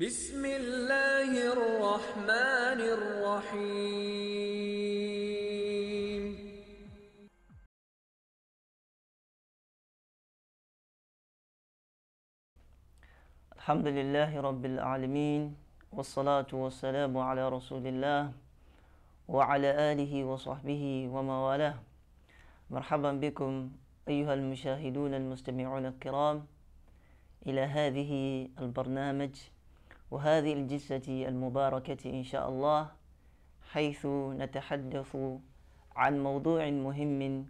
بسم الله الرحمن الرحيم الحمد لله رب العالمين والصلاة والسلام على رسول الله وعلى آله وصحبه وما والاه مرحبا بكم أيها المشاهدون المستمعون الكرام إلى هذه البرنامج وهذه الجلسة المباركة إن شاء الله حيث نتحدث عن موضوع مهم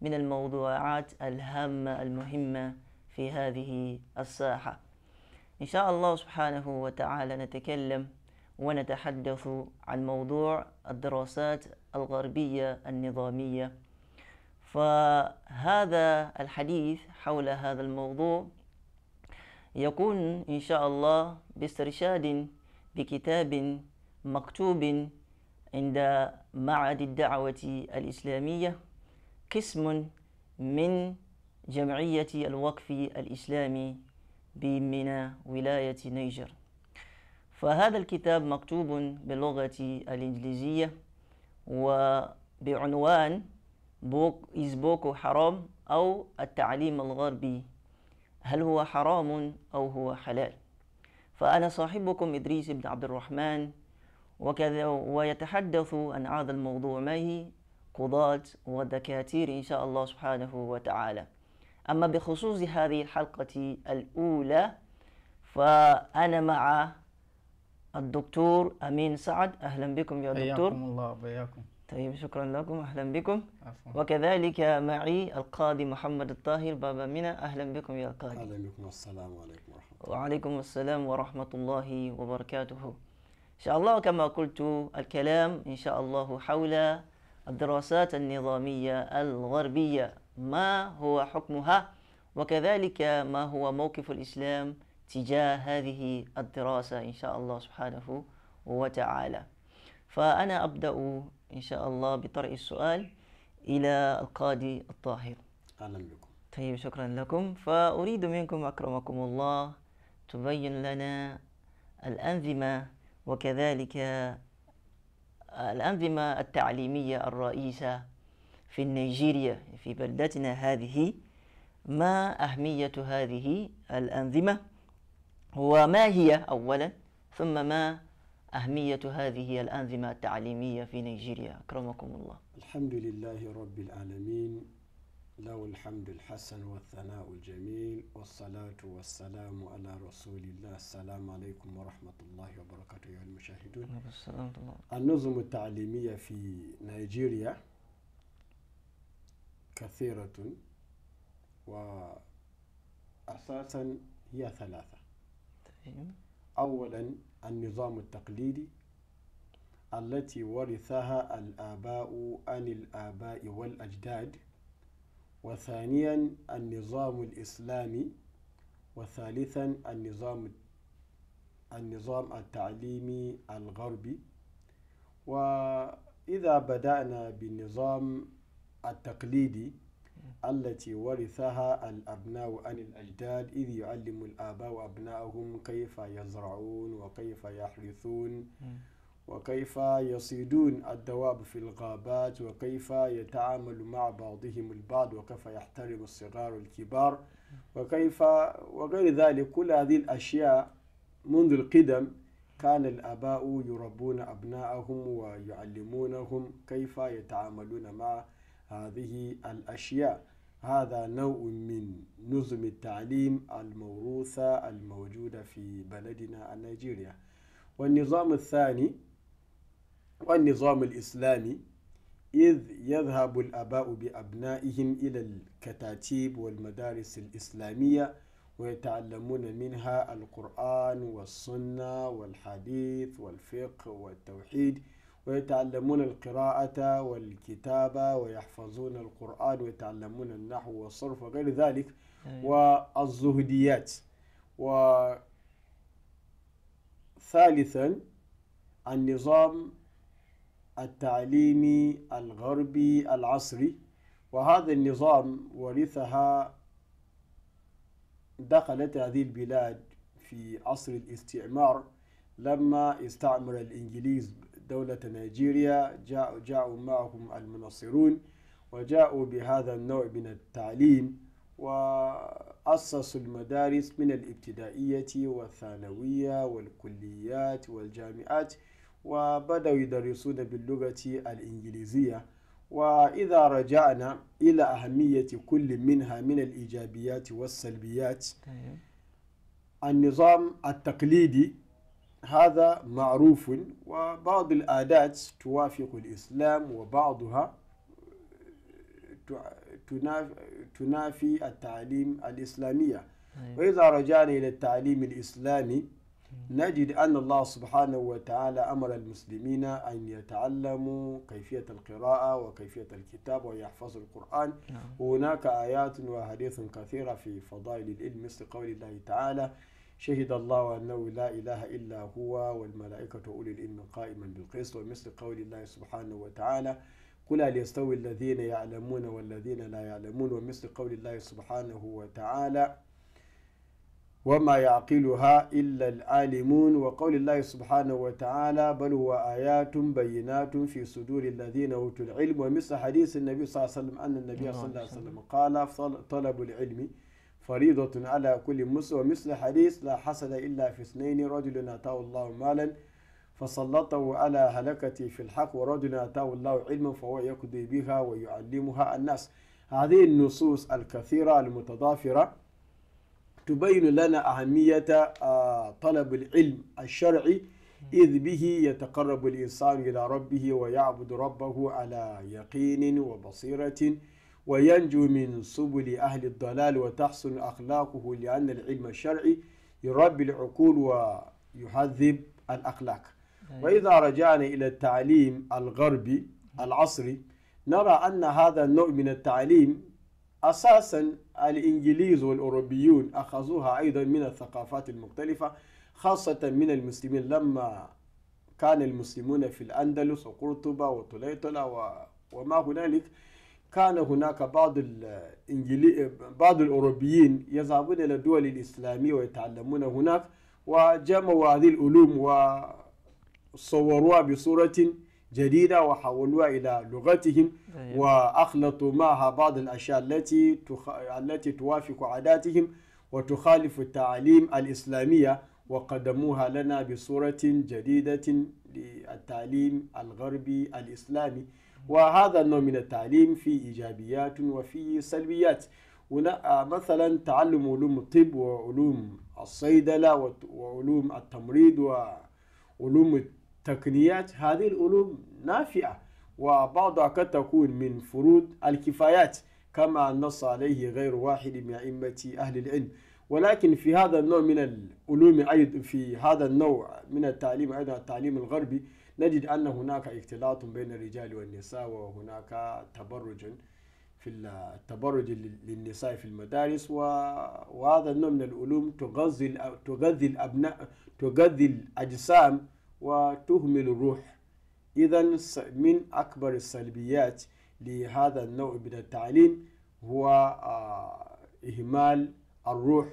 من الموضوعات الهامة المهمة في هذه الساحة إن شاء الله سبحانه وتعالى نتكلم ونتحدث عن موضوع الدراسات الغربية النظامية فهذا الحديث حول هذا الموضوع يكون إن شاء الله باسترشاد بكتاب مكتوب عند معهد الدعوة الإسلامية قسم من جمعية الوقف الإسلامي بمنى ولاية نيجر فهذا الكتاب مكتوب باللغة الإنجليزية وبعنوان بوك إز بوكو حرام أو التعليم الغربي هل هو حرام أو هو حلال فأنا صاحبكم إدريس بن عبد الرحمن وكذا ويتحدث عن هذا الموضوع معي قضاة ودكاتير إن شاء الله سبحانه وتعالى أما بخصوص هذه الحلقة الأولى فأنا مع الدكتور أمين سعد أهلا بكم يا دكتور حياكم الله وبياكم طيب شكرا لكم أهلا بكم عفو. وكذلك معي القاضي محمد الطاهر بابا منى أهلا بكم يا قاضي عليكم السلام عليكم ورحمة الله وعليكم السلام ورحمة الله وبركاته إن شاء الله كما قلت الكلام إن شاء الله حول الدراسات النظامية الغربية ما هو حكمها وكذلك ما هو موقف الإسلام تجاه هذه الدراسة إن شاء الله سبحانه وتعالى فأنا أبدأ إن شاء الله بطرح السؤال إلى القاضي الطاهر أهلا بكم طيب شكرا لكم فأريد منكم أكرمكم الله تبين لنا الأنظمة وكذلك الأنظمة التعليمية الرئيسة في نيجيريا في بلدتنا هذه ما أهمية هذه الأنظمة وما هي أولا ثم ما أهمية هذه الأنظمة التعليمية في نيجيريا أكرمكم الله الحمد لله رب العالمين له الحمد الحسن والثناء الجميل والصلاة والسلام على رسول الله السلام عليكم ورحمة الله وبركاته أيها المشاهدون النظم التعليمية في نيجيريا كثيرة وأساسا هي ثلاثة أولا النظام التقليدي التي ورثها الآباء عن الآباء والأجداد وثانيا النظام الإسلامي وثالثا النظام النظام التعليمي الغربي وإذا بدأنا بالنظام التقليدي التي ورثها الأبناء عن الأجداد إذ يعلم الآباء أبناءهم كيف يزرعون وكيف يحرثون وكيف يصيدون الدواب في الغابات وكيف يتعامل مع بعضهم البعض وكيف يحترم الصغار الكبار وكيف وغير ذلك كل هذه الأشياء منذ القدم كان الآباء يربون أبناءهم ويعلمونهم كيف يتعاملون مع هذه الأشياء هذا نوع من نظم التعليم الموروثة الموجودة في بلدنا نيجيريا والنظام الثاني والنظام الإسلامي إذ يذهب الآباء بأبنائهم إلى الكتاتيب والمدارس الإسلامية ويتعلمون منها القرآن والسنة والحديث والفقه والتوحيد ويتعلمون القراءة والكتابة ويحفظون القرآن ويتعلمون النحو والصرف وغير ذلك أيوة. والزهديات وثالثا النظام التعليمي الغربي العصري وهذا النظام ورثها دخلت هذه البلاد في عصر الاستعمار لما استعمر الإنجليز دولة نيجيريا جاء جاءوا معهم المنصرون وجاءوا بهذا النوع من التعليم وأسسوا المدارس من الابتدائية والثانوية والكليات والجامعات وبدأوا يدرسون باللغة الإنجليزية وإذا رجعنا إلى أهمية كل منها من الإيجابيات والسلبيات طيب. النظام التقليدي هذا معروف وبعض العادات توافق الإسلام وبعضها تنافي التعليم الإسلامية أيوة. وإذا رجعنا إلى التعليم الإسلامي نجد أن الله سبحانه وتعالى أمر المسلمين أن يتعلموا كيفية القراءة وكيفية الكتاب ويحفظوا القرآن نعم. هناك آيات وحديث كثيرة في فضائل العلم مثل قول الله تعالى شهد الله أنه لا إله إلا هو والملائكة أولي العلم قائما بالقسط ومثل قول الله سبحانه وتعالى قل هل يستوي الذين يعلمون والذين لا يعلمون ومثل قول الله سبحانه وتعالى وما يعقلها إلا العالمون وقول الله سبحانه وتعالى بل هو آيات بينات في صدور الذين أوتوا العلم ومثل حديث النبي صلى الله عليه وسلم أن النبي صلى الله عليه وسلم قال طلب العلم فريضة على كل مسلم ومثل حديث لا حسد إلا في اثنين رجل آتاه الله مالا فسلطه على هلكته في الحق ورجل آتاه الله علما فهو يقضي بها ويعلمها الناس هذه النصوص الكثيرة المتضافرة تبين لنا أهمية آه، طلب العلم الشرعي إذ به يتقرب الإنسان إلى ربه ويعبد ربه على يقين وبصيرة وينجو من سبل أهل الضلال وتحسن أخلاقه لأن العلم الشرعي يربي العقول ويهذب الأخلاق أيوة. وإذا رجعنا إلى التعليم الغربي العصري نرى أن هذا النوع من التعليم أساسا الإنجليز والأوروبيون أخذوها أيضا من الثقافات المختلفة خاصة من المسلمين لما كان المسلمون في الأندلس وقرطبة وطليطلة وما هنالك كان هناك بعض بعض الأوروبيين يذهبون إلى الدول الإسلامية ويتعلمون هناك وجمعوا هذه العلوم وصوروها بصورة جديدة وحولوها إلى لغتهم طيب. وأخلطوا معها بعض الأشياء التي تخ... التي توافق عاداتهم وتخالف التعاليم الإسلامية وقدموها لنا بصورة جديدة للتعليم الغربي الإسلامي وهذا النوع من التعليم فيه إيجابيات وفيه سلبيات آه، مثلا تعلم علوم الطب وعلوم الصيدلة وعلوم التمريض وعلوم التقنيات هذه العلوم نافعة وبعضها قد تكون من فروض الكفايات كما نص عليه غير واحد من أئمة أهل العلم ولكن في هذا النوع من العلوم أيضا في هذا النوع من التعليم أيضا التعليم الغربي نجد أن هناك اختلاط بين الرجال والنساء وهناك تبرج في التبرج للنساء في المدارس وهذا النوع من العلوم تغذي تغذي الأبناء تغذي الأجسام وتهمل الروح إذا من أكبر السلبيات لهذا النوع من التعليم هو آه، إهمال الروح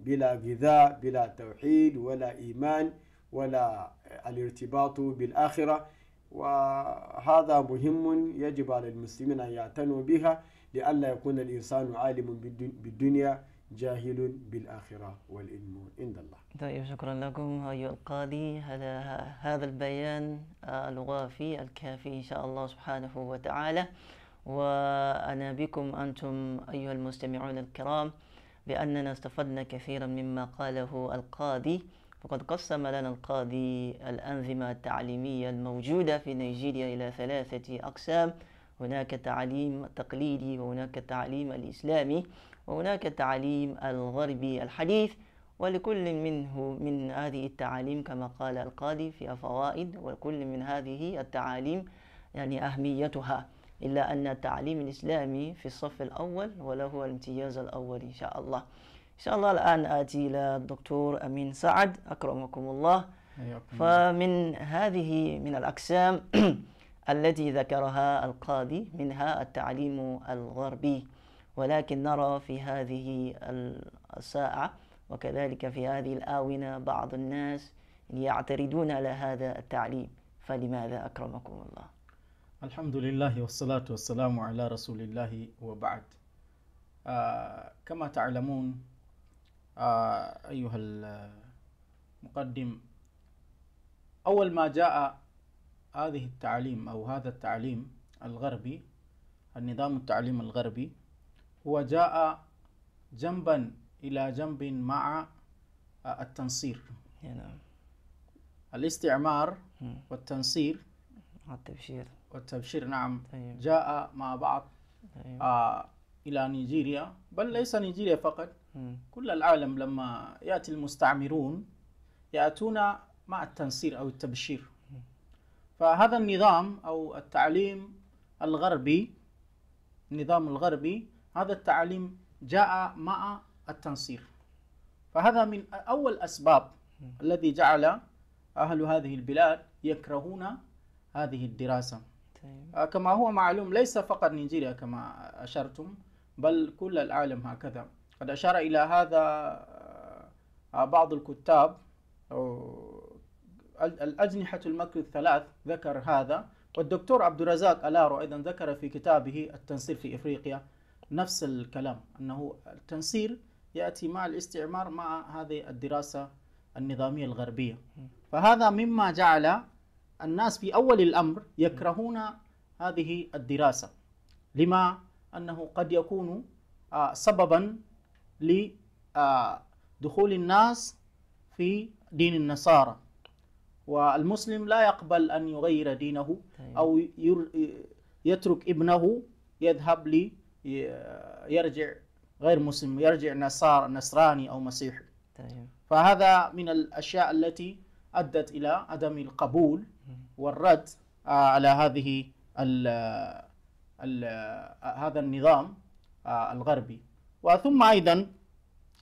بلا غذاء بلا توحيد ولا إيمان ولا الارتباط بالآخرة وهذا مهم يجب على المسلمين أن يعتنوا بها لئلا يكون الإنسان عالم بالدنيا جاهل بالآخرة والإلم عند الله طيب شكرا لكم أيها القاضي على هذا البيان الوافي الكافي إن شاء الله سبحانه وتعالى وأنا بكم أنتم أيها المستمعون الكرام لأننا استفدنا كثيرا مما قاله القاضي فقد قسم لنا القاضي الأنظمة التعليمية الموجودة في نيجيريا إلى ثلاثة أقسام هناك تعليم تقليدي وهناك التعليم الإسلامي وهناك التعليم الغربي الحديث ولكل منه من هذه التعاليم كما قال القاضي فيها فوائد وكل من هذه التعاليم يعني أهميتها إلا أن التعليم الإسلامي في الصف الأول وله الامتياز الأول إن شاء الله إن شاء الله الآن آتي إلى الدكتور أمين سعد أكرمكم الله فمن هذه من الأقسام التي ذكرها القاضي منها التعليم الغربي ولكن نرى في هذه الساعة وكذلك في هذه الآونة بعض الناس يعترضون على هذا التعليم فلماذا أكرمكم الله الحمد لله والصلاة والسلام على رسول الله وبعد آه كما تعلمون آه أيها المقدم أول ما جاء هذه التعليم أو هذا التعليم الغربي النظام التعليم الغربي هو جاء جنبا إلى جنب مع التنصير نعم الاستعمار والتنصير والتبشير والتبشير نعم أيوة. جاء مع بعض أيوة. آه، إلى نيجيريا بل ليس نيجيريا فقط كل العالم لما يأتي المستعمرون يأتون مع التنصير أو التبشير فهذا النظام أو التعليم الغربي النظام الغربي هذا التعليم جاء مع التنصير فهذا من أول أسباب الذي جعل أهل هذه البلاد يكرهون هذه الدراسة طيب. آه، كما هو معلوم ليس فقط نيجيريا كما أشرتم بل كل العالم هكذا قد أشار إلى هذا آه، بعض الكتاب الأجنحة المكر الثلاث ذكر هذا والدكتور عبد الرزاق ألارو أيضا ذكر في كتابه التنصير في إفريقيا نفس الكلام أنه التنصير يأتي مع الاستعمار مع هذه الدراسة النظامية الغربية فهذا مما جعل الناس في أول الأمر يكرهون هذه الدراسة لما أنه قد يكون آه، سببا لدخول آه، الناس في دين النصارى والمسلم لا يقبل أن يغير دينه طيب. أو يترك ابنه يذهب لي يرجع غير مسلم يرجع نصار نصراني أو مسيحي طيب. فهذا من الأشياء التي أدت إلى عدم القبول والرد آه، على هذه ال ال هذا النظام آه، الغربي وثم أيضا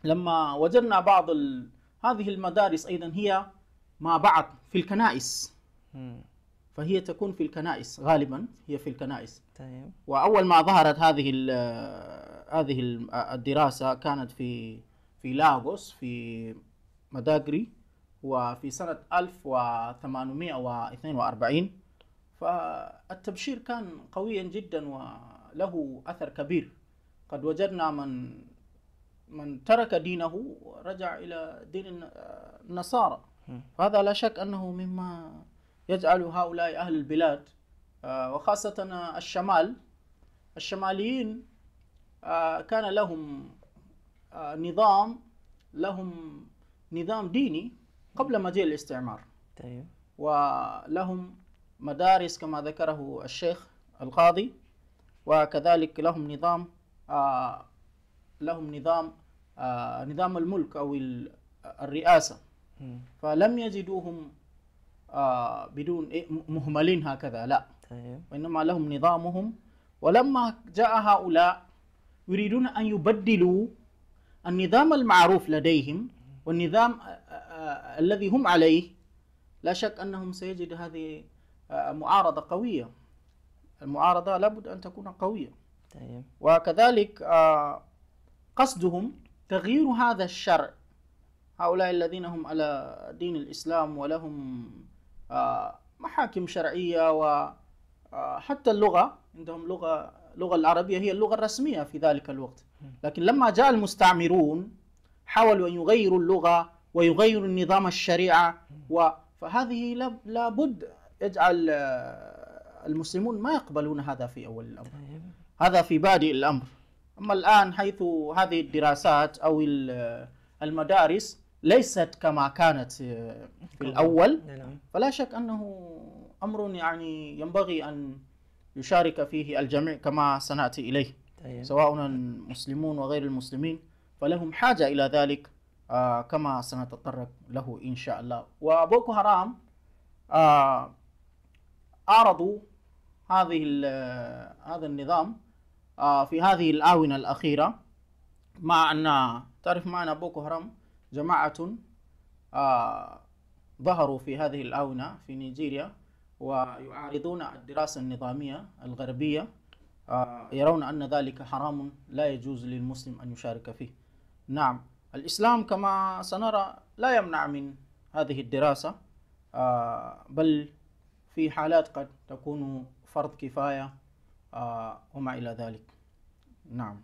لما وجدنا بعض ال... هذه المدارس أيضا هي ما بعد في الكنائس فهي تكون في الكنائس غالبا هي في الكنائس طيب. وأول ما ظهرت هذه ال... هذه الدراسة كانت في في لاغوس في مداغري وفي سنة 1842 فالتبشير كان قويا جدا وله أثر كبير قد وجدنا من من ترك دينه ورجع إلى دين النصارى فهذا لا شك أنه مما يجعل هؤلاء أهل البلاد آه، وخاصة الشمال الشماليين آه، كان لهم آه، نظام لهم نظام ديني قبل مجيء الاستعمار طيب ولهم مدارس كما ذكره الشيخ القاضي وكذلك لهم نظام آه، لهم نظام آه، نظام الملك أو الرئاسة فلم يجدوهم آه، بدون إيه، مهملين هكذا لا طيب. وإنما لهم نظامهم ولما جاء هؤلاء يريدون أن يبدلوا النظام المعروف لديهم والنظام آه، الذي هم عليه لا شك أنهم سيجد هذه آه، معارضة قوية المعارضة لابد أن تكون قوية طيب. وكذلك آه، قصدهم تغيير هذا الشرع هؤلاء الذين هم على دين الإسلام ولهم محاكم شرعية وحتى اللغة عندهم لغة اللغة العربية هي اللغة الرسمية في ذلك الوقت لكن لما جاء المستعمرون حاولوا أن يغيروا اللغة ويغير نظام الشريعة و... فهذه لابد يجعل آه، المسلمون ما يقبلون هذا في أول الأمر طيب. هذا في بادئ الأمر أما الآن حيث هذه الدراسات أو آه، المدارس ليست كما كانت آه، في الأول نعم. فلا شك أنه أمر يعني ينبغي أن يشارك فيه الجميع كما سنأتي إليه طيب. سواء المسلمون وغير المسلمين فلهم حاجة إلى ذلك آه، كما سنتطرق له إن شاء الله وبوكو هرام آه، أعرضوا هذه آه، هذا النظام في هذه الآونة الأخيرة مع أن تعرف معنا بوكو هرام جماعة ظهروا في هذه الآونة في نيجيريا ويعارضون الدراسة النظامية الغربية يرون أن ذلك حرام لا يجوز للمسلم أن يشارك فيه نعم الإسلام كما سنرى لا يمنع من هذه الدراسة آه، بل في حالات قد تكون فرض كفاية آه، وما إلى ذلك نعم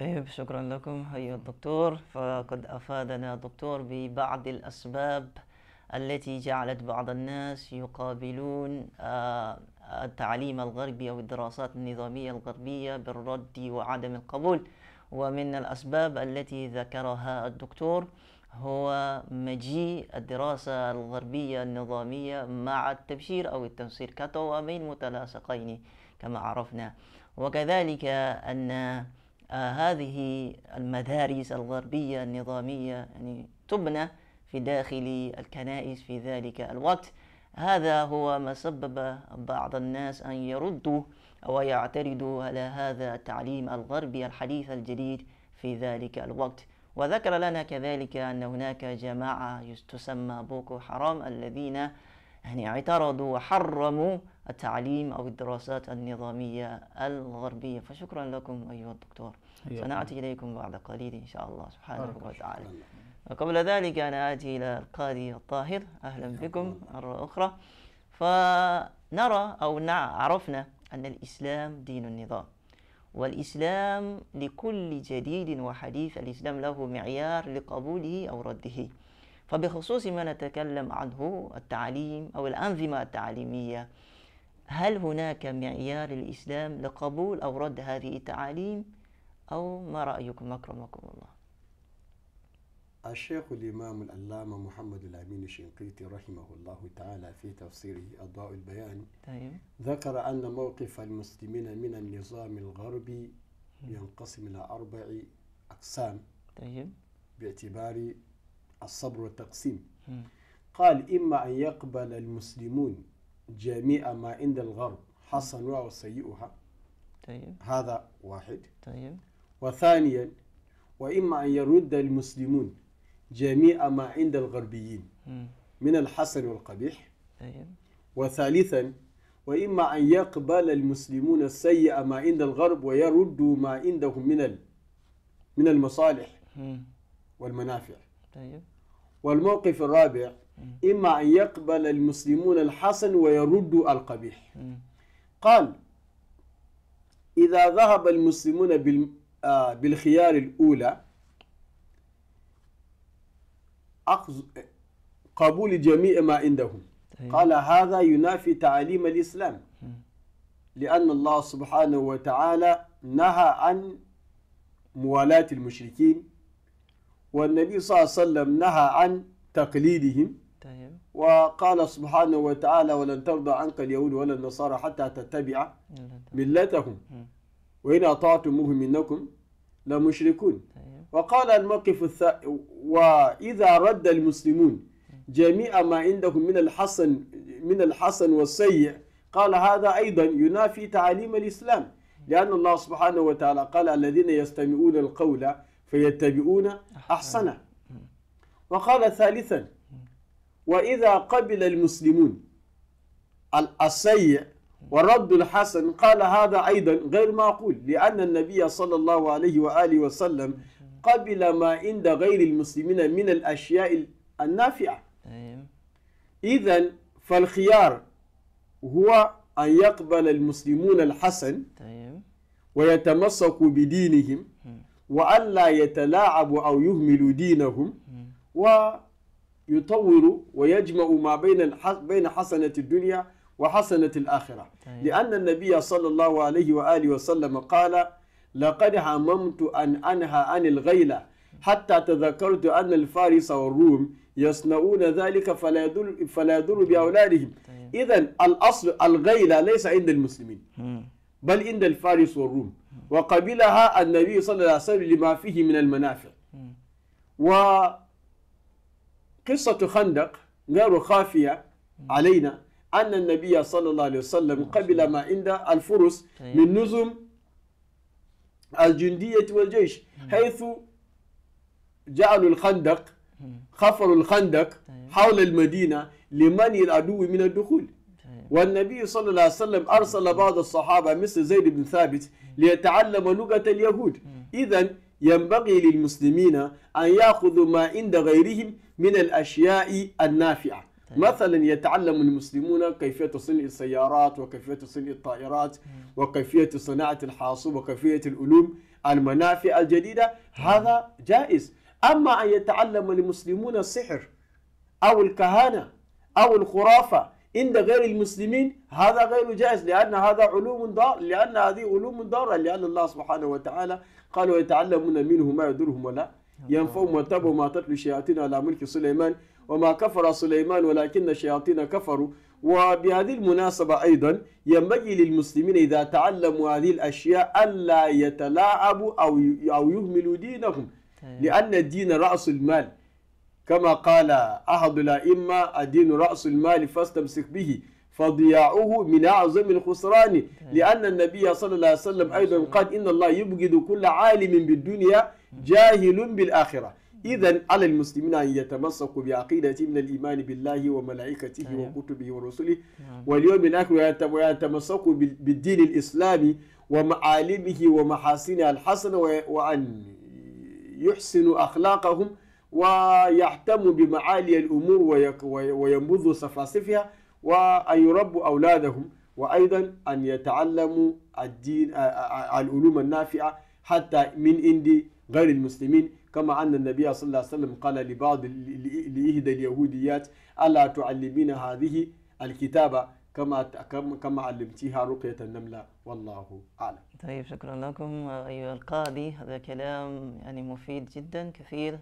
طيب شكرا لكم أيها الدكتور فقد أفادنا الدكتور ببعض الأسباب التي جعلت بعض الناس يقابلون آه، التعليم الغربي أو الدراسات النظامية الغربية بالرد وعدم القبول ومن الأسباب التي ذكرها الدكتور هو مجيء الدراسة الغربية النظامية مع التبشير أو التنصير كتوامين متلاصقين كما عرفنا وكذلك أن آه، هذه المدارس الغربية النظامية يعني تبنى في داخل الكنائس في ذلك الوقت هذا هو ما سبب بعض الناس أن يردوا ويعترض على هذا التعليم الغربي الحديث الجديد في ذلك الوقت وذكر لنا كذلك أن هناك جماعة تسمى بوكو حرام الذين يعني اعترضوا وحرموا التعليم أو الدراسات النظامية الغربية فشكرا لكم أيها الدكتور أيوة. سنأتي إليكم بعد قليل إن شاء الله سبحانه وتعالى وقبل ذلك أنا آتي إلى القاضي الطاهر أهلا بكم مرة أخرى فنرى أو عرفنا أن الإسلام دين النظام والإسلام لكل جديد وحديث الإسلام له معيار لقبوله أو رده فبخصوص ما نتكلم عنه التعليم أو الأنظمة التعليمية هل هناك معيار الإسلام لقبول أو رد هذه التعاليم أو ما رأيكم أكرمكم الله الشيخ الإمام العلامة محمد الأمين الشنقيطي رحمه الله تعالى في تفسيره أضاء البيان طيب. ذكر أن موقف المسلمين من النظام الغربي ينقسم إلى أربع أقسام طيب. باعتبار الصبر والتقسيم قال إما أن يقبل المسلمون جميع ما عند الغرب حسنها وسيئها طيب. هذا واحد طيب. وثانيا وإما أن يرد المسلمون جميع ما عند الغربيين من الحسن والقبيح أيوة. وثالثا وإما أن يقبل المسلمون السيء ما عند الغرب ويردوا ما عندهم من من المصالح والمنافع أيوة. والموقف الرابع إما أن يقبل المسلمون الحسن ويردوا القبيح قال إذا ذهب المسلمون آه، بالخيار الأولى أخذ قبول جميع ما عندهم طيب. قال هذا ينافي تعاليم الإسلام لأن الله سبحانه وتعالى نهى عن موالاة المشركين والنبي صلى الله عليه وسلم نهى عن تقليدهم طيب. وقال سبحانه وتعالى ولن ترضى عنك اليهود ولا النصارى حتى تتبع طيب. ملتهم وإن أطعتموهم منكم لمشركون طيب. وقال الموقف الث... وإذا رد المسلمون جميع ما عندهم من الحسن من الحسن والسيء قال هذا أيضا ينافي تعاليم الإسلام لأن الله سبحانه وتعالى قال الذين يستمعون القول فيتبعون أحسنه وقال ثالثا وإذا قبل المسلمون السيء والرد الحسن قال هذا أيضا غير معقول لأن النبي صلى الله عليه وآله وسلم قبل ما عند غير المسلمين من الأشياء النافعة نعم. إذا فالخيار هو أن يقبل المسلمون الحسن نعم. ويتمسكوا بدينهم نعم. وألا يتلاعبوا أو يهملوا دينهم ويطوروا ويجمعوا ما بين بين حسنة الدنيا وحسنة الآخرة طيب. لأن النبي صلى الله عليه وآله وسلم قال لقد هممت أن أنهى عن الغيلة حتى تذكرت أن الفارس والروم يصنعون ذلك فلا يدر فلا بأولادهم طيب. إذا الأصل الغيلة ليس عند المسلمين بل عند الفارس والروم وقبلها النبي صلى الله عليه وسلم لما فيه من المنافع وقصة خندق غير خافية علينا أن النبي صلى الله عليه وسلم قبل ما عند الفرس طيب. من نظم الجندية والجيش حيث جعلوا الخندق خفروا الخندق طيب. حول المدينة لمنع العدو من الدخول طيب. والنبي صلى الله عليه وسلم أرسل بعض الصحابة مثل زيد بن ثابت ليتعلم لغة اليهود إذا ينبغي للمسلمين أن يأخذوا ما عند غيرهم من الأشياء النافعة طيب. مثلا يتعلم المسلمون كيفية صنع السيارات وكيفية صنع الطائرات وكيفية صناعة الحاصب وكيفية العلوم المنافع الجديدة هذا جائز أما أن يتعلم المسلمون السحر أو الكهانة أو الخرافة عند غير المسلمين هذا غير جائز لأن هذا علوم ضار لأن هذه علوم ضارة لأن الله سبحانه وتعالى قال ويتعلمون منه ما يضرهم ولا ما تبوا ما تتلو شياطين على ملك سليمان وما كفر سليمان ولكن الشياطين كفروا وبهذه المناسبة أيضا ينبغي للمسلمين إذا تعلموا هذه الأشياء ألا يتلاعبوا أو أو يهملوا دينهم طيب. لأن الدين رأس المال كما قال أحد الأئمة الدين رأس المال فاستمسك به فضياعه من أعظم الخسران طيب. لأن النبي صلى الله عليه وسلم أيضا قال إن الله يبغض كل عالم بالدنيا جاهل بالآخرة إذا على المسلمين أن يتمسكوا بعقيدة من الإيمان بالله وملائكته أيوه. وكتبه ورسله نعم. واليوم الآخر ويتمسكوا بالدين الإسلامي ومعالمه ومحاسنه الحسنة وأن يحسنوا أخلاقهم ويحتموا بمعالي الأمور وينبذوا سفاسفها وأن يربوا أولادهم وأيضا أن يتعلموا الدين العلوم النافعة حتى من عند غير المسلمين كما أن النبي صلى الله عليه وسلم قال لبعض لإحدى اليهوديات ألا تعلمين هذه الكتابة كما كما علمتيها رقية النملة والله أعلم. طيب شكرا لكم أيها القاضي هذا كلام يعني مفيد جدا كثير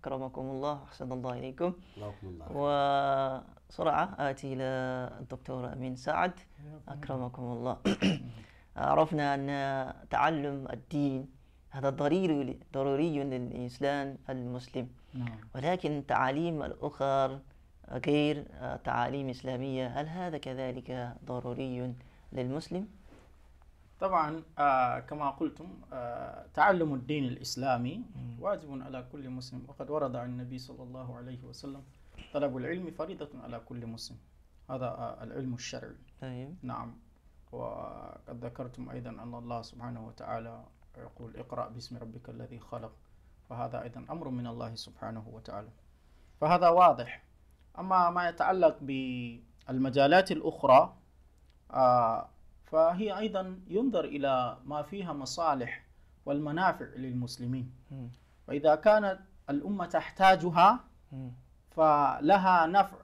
أكرمكم الله أحسن الله إليكم. اللهم الله. وسرعة آتي إلى الدكتور أمين سعد أكرمكم الله. عرفنا أن تعلم الدين هذا ضروري ضروري للإنسان المسلم نعم. ولكن تعاليم الأخر غير تعاليم إسلامية هل هذا كذلك ضروري للمسلم؟ طبعا آه كما قلتم آه تعلم الدين الإسلامي واجب على كل مسلم وقد ورد عن النبي صلى الله عليه وسلم طلب العلم فريضة على كل مسلم هذا آه العلم الشرعي طيب. نعم وقد ذكرتم أيضا أن الله سبحانه وتعالى يقول اقرأ باسم ربك الذي خلق فهذا أيضا أمر من الله سبحانه وتعالى فهذا واضح أما ما يتعلق بالمجالات الأخرى آه، فهي أيضا ينظر إلى ما فيها مصالح والمنافع للمسلمين فإذا كانت الأمة تحتاجها فلها نفع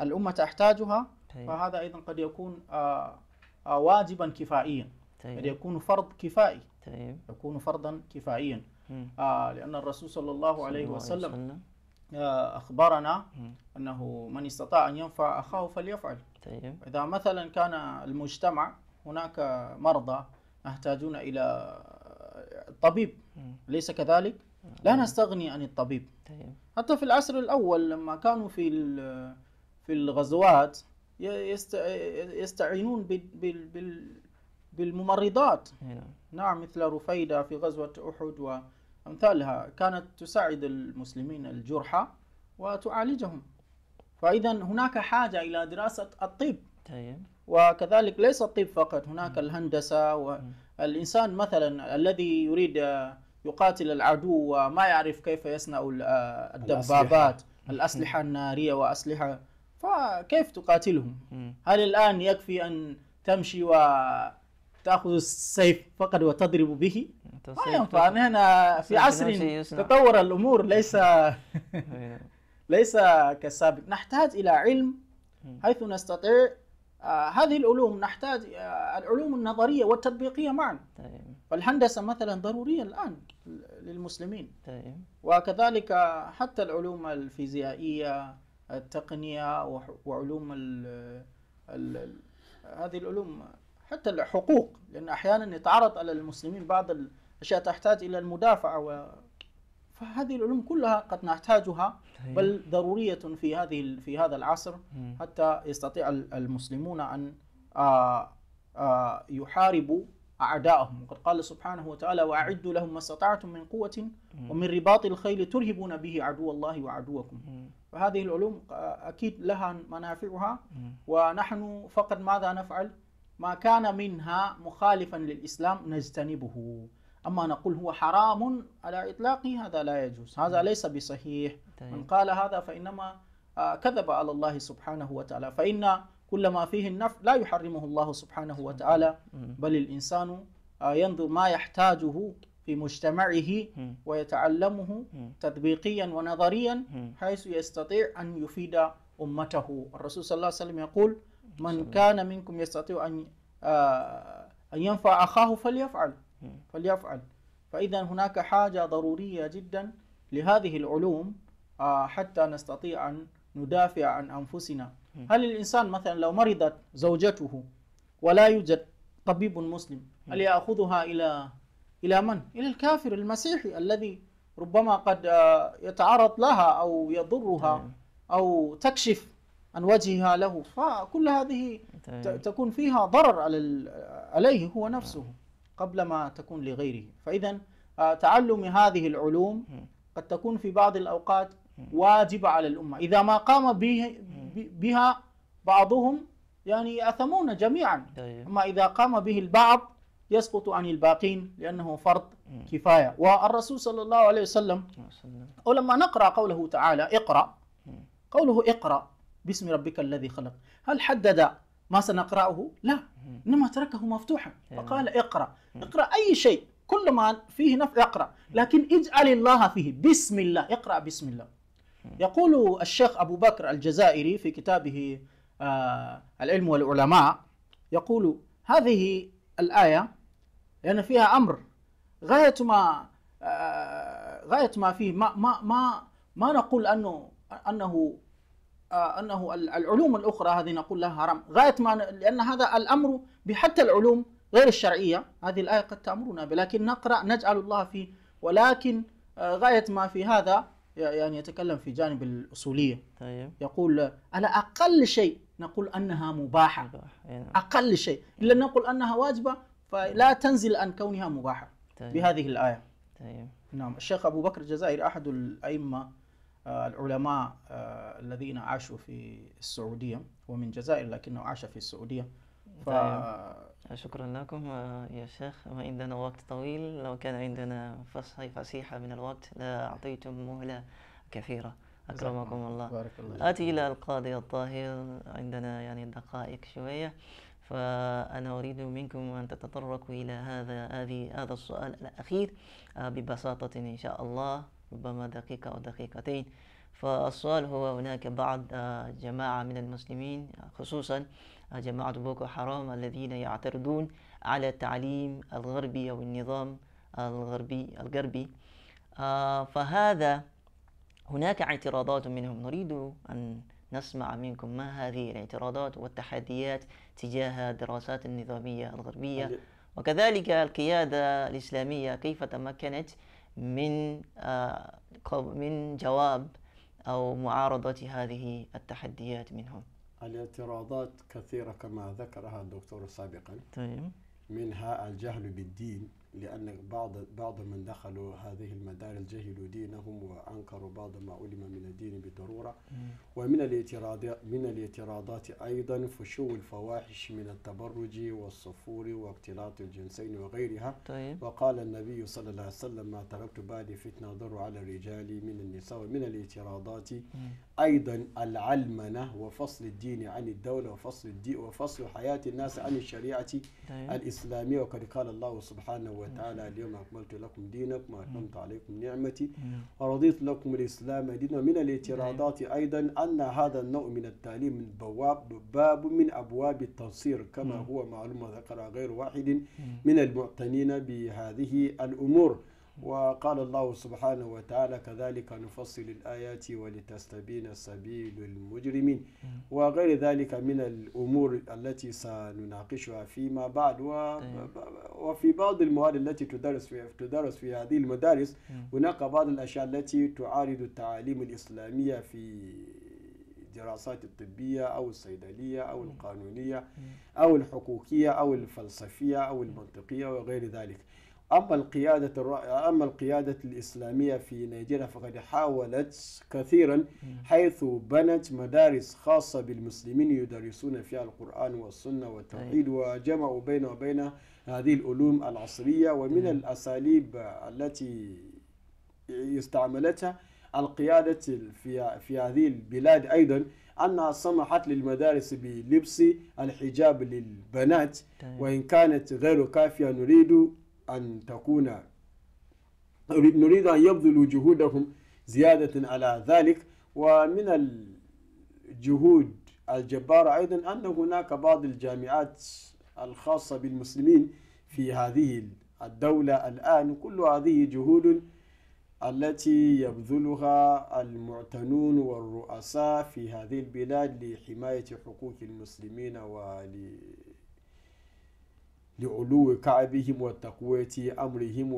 الأمة تحتاجها طيب. فهذا أيضا قد يكون آه، آه، واجبا كفائيا طيب. يكون فرض كفائي طيب. يكون فرضا كفائيا آه لأن الرسول صلى الله عليه وسلم, وسلم. آه أخبرنا م. أنه من استطاع أن ينفع أخاه فليفعل طيب. إذا مثلا كان المجتمع هناك مرضى يحتاجون إلى طبيب ليس كذلك لا نستغني عن الطبيب طيب. حتى في العصر الأول لما كانوا في في الغزوات يستعينون بال بالممرضات نعم. نعم مثل رفيدة في غزوة أحد وأمثالها كانت تساعد المسلمين الجرحى وتعالجهم فإذا هناك حاجة إلى دراسة الطب طيب. وكذلك ليس الطب فقط هناك م. نعم. الهندسة والإنسان نعم. مثلا الذي يريد يقاتل العدو وما يعرف كيف يصنع الدبابات الأسلحة, النارية وأسلحة فكيف تقاتلهم؟ هل الآن يكفي أن تمشي و تاخذ السيف فقط وتضرب به ما ينفع نحن في عصر تطور الامور ليس ليس كالسابق نحتاج الى علم حيث نستطيع آه، هذه العلوم نحتاج آه، العلوم النظريه والتطبيقيه معا طيب. فالهندسه مثلا ضروريه الان للمسلمين طيب. وكذلك حتى العلوم الفيزيائيه التقنيه وعلوم ال هذه العلوم حتى الحقوق لأن أحيانا يتعرض على المسلمين بعض الأشياء تحتاج إلى المدافعة و... فهذه العلوم كلها قد نحتاجها طيب. بل ضرورية في هذه في هذا العصر حتى يستطيع المسلمون أن يحاربوا أعدائهم وقد قال سبحانه وتعالى وأعدوا لهم ما استطعتم من قوة ومن رباط الخيل ترهبون به عدو الله وعدوكم فهذه العلوم أكيد لها منافعها ونحن فقط ماذا نفعل؟ ما كان منها مخالفا للإسلام نجتنبه أما نقول هو حرام على إطلاقه هذا لا يجوز هذا ليس بصحيح طيب. من قال هذا فإنما آه، كذب على الله سبحانه وتعالى فإن كل ما فيه النفع لا يحرمه الله سبحانه وتعالى بل الإنسان آه، ينظر ما يحتاجه في مجتمعه ويتعلمه تطبيقيا ونظريا حيث يستطيع أن يفيد أمته الرسول صلى الله عليه وسلم يقول من كان منكم يستطيع أن آه، أن ينفع أخاه فليفعل فليفعل فإذا هناك حاجة ضرورية جدا لهذه العلوم آه، حتى نستطيع أن ندافع عن أنفسنا هل الإنسان مثلا لو مرضت زوجته ولا يوجد طبيب مسلم هل يأخذها إلى إلى من؟ إلى الكافر المسيحي الذي ربما قد آه، يتعرض لها أو يضرها أو تكشف عن وجهها له فكل هذه طيب. تكون فيها ضرر على عليه هو نفسه نعم. قبل ما تكون لغيره فإذا آه، تعلم هذه العلوم قد تكون في بعض الأوقات واجبة على الأمة إذا ما قام به بها بعضهم يعني يأثمون جميعا طيب. أما إذا قام به البعض يسقط عن الباقين لأنه فرض كفاية والرسول صلى الله عليه وسلم أو لما نقرأ قوله تعالى اقرأ قوله اقرأ باسم ربك الذي خلق هل حدد ما سنقرأه؟ لا إنما تركه مفتوحا إيه. فقال اقرأ اقرأ أي شيء كل ما فيه نفع اقرأ لكن اجعل الله فيه بسم الله اقرأ بسم الله يقول الشيخ أبو بكر الجزائري في كتابه آه العلم والعلماء يقول هذه الآية لأن فيها أمر غاية ما آه غاية ما فيه ما ما ما, ما نقول أنه أنه آه، انه العلوم الاخرى هذه نقول لها حرام غايه ما لان هذا الامر بحتى العلوم غير الشرعيه هذه الايه قد تامرنا بلكن نقرا نجعل الله فيه ولكن آه، غايه ما في هذا يعني يتكلم في جانب الاصوليه طيب. يقول على اقل شيء نقول انها مباحه إيه، نعم. اقل شيء الا نقول انها واجبه فلا تنزل عن كونها مباحه طيب. بهذه الايه طيب. نعم الشيخ ابو بكر الجزائري احد الائمه آه، العلماء آه، الذين عاشوا في السعودية ومن الجزائر لكنه عاش في السعودية ف... طيب. آه، شكرا لكم يا شيخ ما عندنا وقت طويل لو كان عندنا فسيحة من الوقت لأعطيتم مهلة كثيرة أكرمكم الله. بارك الله أتي إلى القاضي الطاهر عندنا يعني دقائق شوية فأنا أريد منكم أن تتطرقوا إلى هذا هذه هذا السؤال الأخير ببساطة إن شاء الله ربما دقيقة أو دقيقتين فالسؤال هو هناك بعض آه، جماعة من المسلمين خصوصا آه، جماعة بوكو حرام الذين يعترضون على التعليم الغربي أو النظام الغربي الغربي آه، فهذا هناك اعتراضات منهم نريد أن نسمع منكم ما هذه الاعتراضات والتحديات تجاه الدراسات النظامية الغربية وكذلك القيادة الإسلامية كيف تمكنت من آه، من جواب أو معارضة هذه التحديات منهم الاعتراضات كثيرة كما ذكرها الدكتور سابقا طيب. منها الجهل بالدين لأن بعض بعض من دخلوا هذه المدارس جهلوا دينهم وأنكروا بعض ما علم من الدين بالضرورة ومن الاعتراضات من الاعتراضات أيضا فشو الفواحش من التبرج والصفور واختلاط الجنسين وغيرها طيب. وقال النبي صلى الله عليه وسلم ما تركت بعد فتنة ضر على الرجال من النساء ومن الاعتراضات أيضا العلمنة وفصل الدين عن الدولة وفصل الدين وفصل حياة الناس عن الشريعة طيب. الإسلامية وقد قال الله سبحانه وتعالى اليوم أكملت لكم دينكم وأتممت عليكم نعمتي ورضيت لكم الإسلام دينا من الاعتراضات طيب. أيضا أن هذا النوع من التعليم من بواب باب من أبواب التنصير كما هو معلوم وذكر غير واحد من المعتنين بهذه الأمور وقال الله سبحانه وتعالى كذلك نفصل الآيات ولتستبين سبيل المجرمين وغير ذلك من الأمور التي سنناقشها فيما بعد طيب. وفي بعض المواد التي تدرس في, تدرس في هذه المدارس هناك بعض الأشياء التي تعارض التعاليم الإسلامية في الدراسات الطبية أو الصيدلية أو القانونية أو الحقوقية أو الفلسفية أو المنطقية وغير ذلك أما القيادة الرأ... أما القيادة الإسلامية في نيجيريا فقد حاولت كثيرا حيث بنت مدارس خاصة بالمسلمين يدرسون فيها القرآن والسنة والتوحيد طيب. وجمعوا بين وبين هذه العلوم العصرية ومن الأساليب التي استعملتها القيادة في في هذه البلاد أيضا أنها سمحت للمدارس بلبس الحجاب للبنات طيب. وإن كانت غير كافية نريد أن تكون نريد أن يبذلوا جهودهم زيادة على ذلك ومن الجهود الجبارة أيضا أن هناك بعض الجامعات الخاصة بالمسلمين في هذه الدولة الآن كل هذه جهود التي يبذلها المعتنون والرؤساء في هذه البلاد لحماية حقوق المسلمين ول لعلو كعبهم وتقوية أمرهم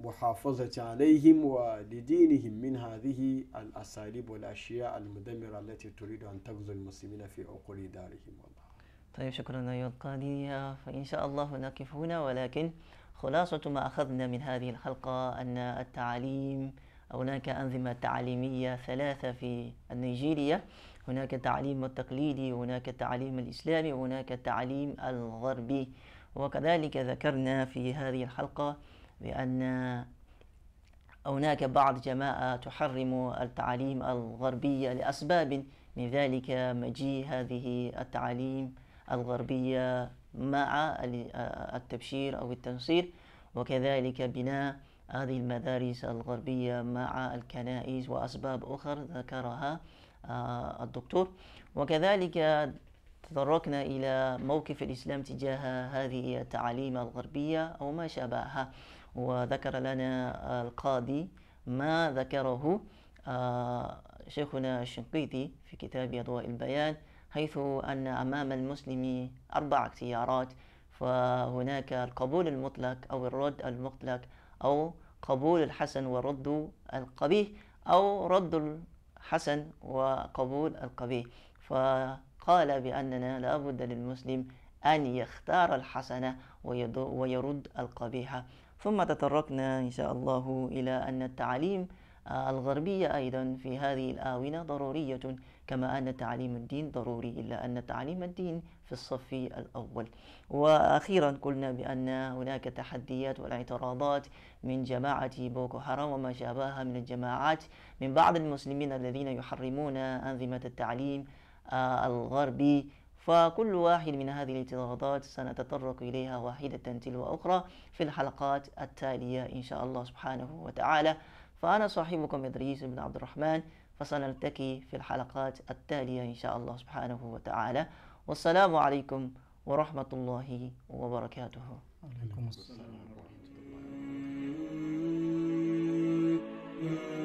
ومحافظة عليهم ولدينهم من هذه الأساليب والأشياء المدمرة التي تريد أن تغزو المسلمين في عقول دارهم والله طيب شكرا أيها القاضي فإن شاء الله نقف هنا ولكن خلاصة ما أخذنا من هذه الحلقة أن التعليم هناك أنظمة تعليمية ثلاثة في نيجيريا هناك التعليم التقليدي هناك التعليم الإسلامي وهناك التعليم الغربي وكذلك ذكرنا في هذه الحلقة بأن هناك بعض جماعة تحرم التعاليم الغربية لأسباب من ذلك مجيء هذه التعاليم الغربية مع التبشير أو التنصير وكذلك بناء هذه المدارس الغربية مع الكنائس وأسباب أخرى ذكرها آه، الدكتور وكذلك تطرقنا إلى موقف الإسلام تجاه هذه التعاليم الغربية أو ما شابهها وذكر لنا القاضي ما ذكره آه، شيخنا الشنقيطي في كتاب أضواء البيان حيث أن أمام المسلم أربع اختيارات فهناك القبول المطلق أو الرد المطلق أو قبول الحسن ورد القبيح أو رد الحسن وقبول القبيح ف قال بأننا لا بد للمسلم أن يختار الحسنة ويرد القبيحة ثم تطرقنا إن شاء الله إلى أن التعليم آه، الغربية أيضا في هذه الآونة ضرورية كما أن تعليم الدين ضروري إلا أن تعليم الدين في الصف الأول وأخيرا قلنا بأن هناك تحديات والاعتراضات من جماعة بوكو حرام وما شابهها من الجماعات من بعض المسلمين الذين يحرمون أنظمة التعليم الغربي فكل واحد من هذه الاعتراضات سنتطرق إليها واحدة تلو أخرى في الحلقات التالية إن شاء الله سبحانه وتعالى فأنا صاحبكم إدريس بن عبد الرحمن فسنلتقي في الحلقات التالية إن شاء الله سبحانه وتعالى والسلام عليكم ورحمة الله وبركاته وعليكم السلام ورحمة الله